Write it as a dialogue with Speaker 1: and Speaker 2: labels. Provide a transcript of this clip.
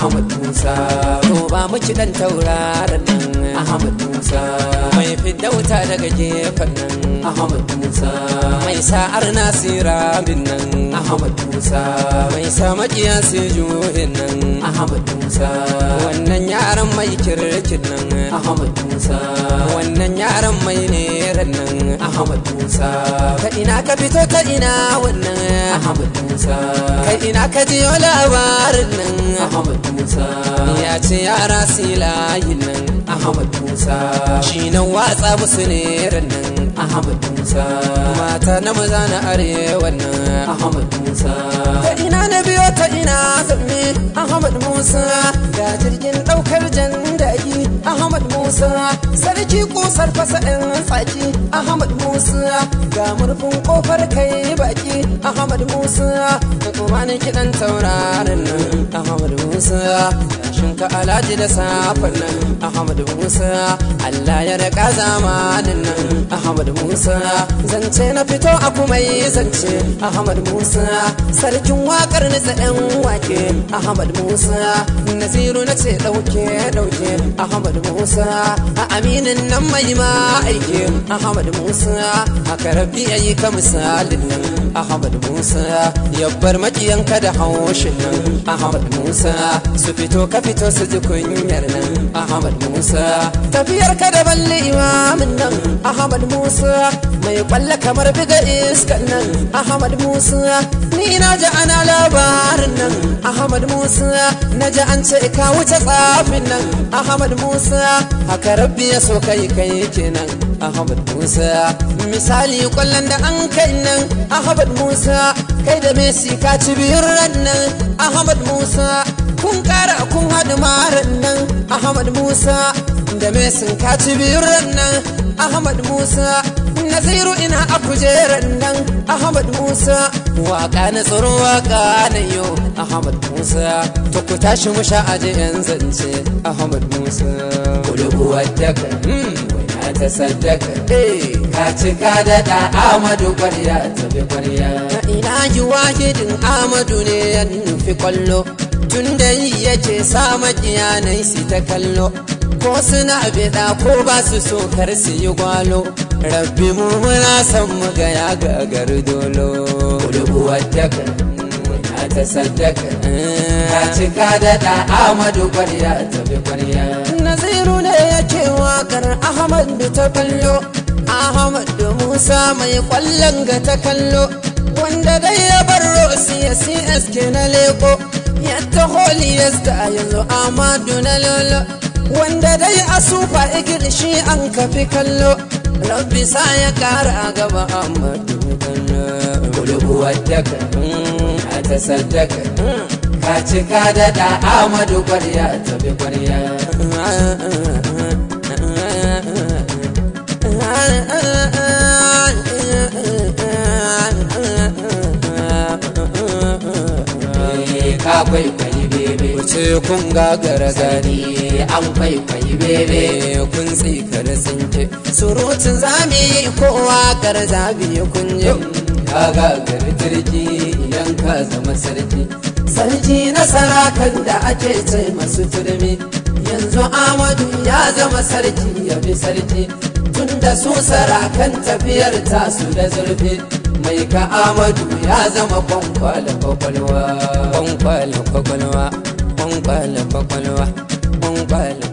Speaker 1: Ahmad Musa to ba mu kiɗan tauraron nan Ahmad Musa mai fidda wuta daga gefen nan Ahmad Musa mai sa'ar nasira bin nan Ahmad Musa mai sa maƙiya juhin nan Ahmad Musa wannan yaran mai kirkin nan Ahmad Musa wannan yaran mai ne nan Ahmad Musa ka ina ka fito ka ina wannan Ahmad Musa ka ina ka jiyo labarin nan Ahmad Musa ya ce yara silayin nan Ahmad Musa shi nan watsa musu ne Ahmad Musa mata na maza na arewa nan Ahmad Musa ina na biyo ta ina zaɓe Ahmad Musa ga jirgin ɗaukar janna sarki kusar fasa ɗin tsaki Ahmad Musa ga murfin kofar kai baki Ahmad Musa da kuma kiɗan taurarin nan Ahmad Musa ta alhaji da safan nan ahmad musa allah ya raka zamanin nan ahmad musa zance na fito a kuma yi zance ahmad musa sarkin wakar na tsayen wake ahmad musa nasiru na ce dauke dauke ahmad musa a aminin nan mai ma aiki ahmad musa A karabi yayi ka misalin nan ahmad musa yabbar makiyanka da haushin nan ahmad musa su fito ka fito su ji kunyar nan Ahmad Musa tafiyar ka da balle imamin nan Ahmad Musa mai kwalla kamar biga iskan nan Ahmad Musa ni na ji ana labarin nan Ahmad Musa na ji an ce ka wuce tsafin nan Ahmad Musa haka rabbi ya so kai kai kenan Ahmad Musa misali kwallon da an kai nan Ahmad Musa kai da Messi ka ci biyun ran nan Ahmad Musa faɗi maran nan Ahmad Musa da me sun kaci biyun nan Ahmad Musa Naziru ina a kujerar nan Ahmad Musa waka na tsoron waka na yau Ahmad Musa to ku tashi mu sha aje yan zance Ahmad Musa kulubu hmm, wadaka wani ta saddaka eh, ka cika da da Ahmadu kwarya tafi kwarya ina yi wahidin Ahmadu ne ya nufi kwallo mutum da yi yake sa makiyanai su ta kallo ko suna bida ko ba su so kar su yi gwalo rabbi mu muna san mu ga ya ga dolo kudubu wadda muna ta saddaka eh. ta cika da da amadu kwarya ta bi kwarya naziru ne yake wakar ahmadu ta kallo ahmadu musa mai kwallon ga ta kallo wanda dai ya bar rosi ya cs na leko yadda holy yasta yanzu amadu na lolo wanda dai a sufa igir an kafi kallo rabbi sa ya kara gaba amadu kallo kulubuwar daga mm, a ta saddaka mm. ka cika da da amadu kwarya tafi kwarya ah, ah, ah. kwai bebe kuce kun ga gani eh, an kwai bebe eh, kun surutu tsinke surutun zami kowa garzabi kun yi gagagari jirgi idan ka zama sarki sarki na sarakan da ake ce masu turmi yanzu amadu ya zama sarki ya bi sarki tunda da su sarakan tafiyar su da zurfi mai ka amadu ya zama kwankwala kwakwalwa kwankwala kwakwalwa kwankwala kwakwalwa kwankwala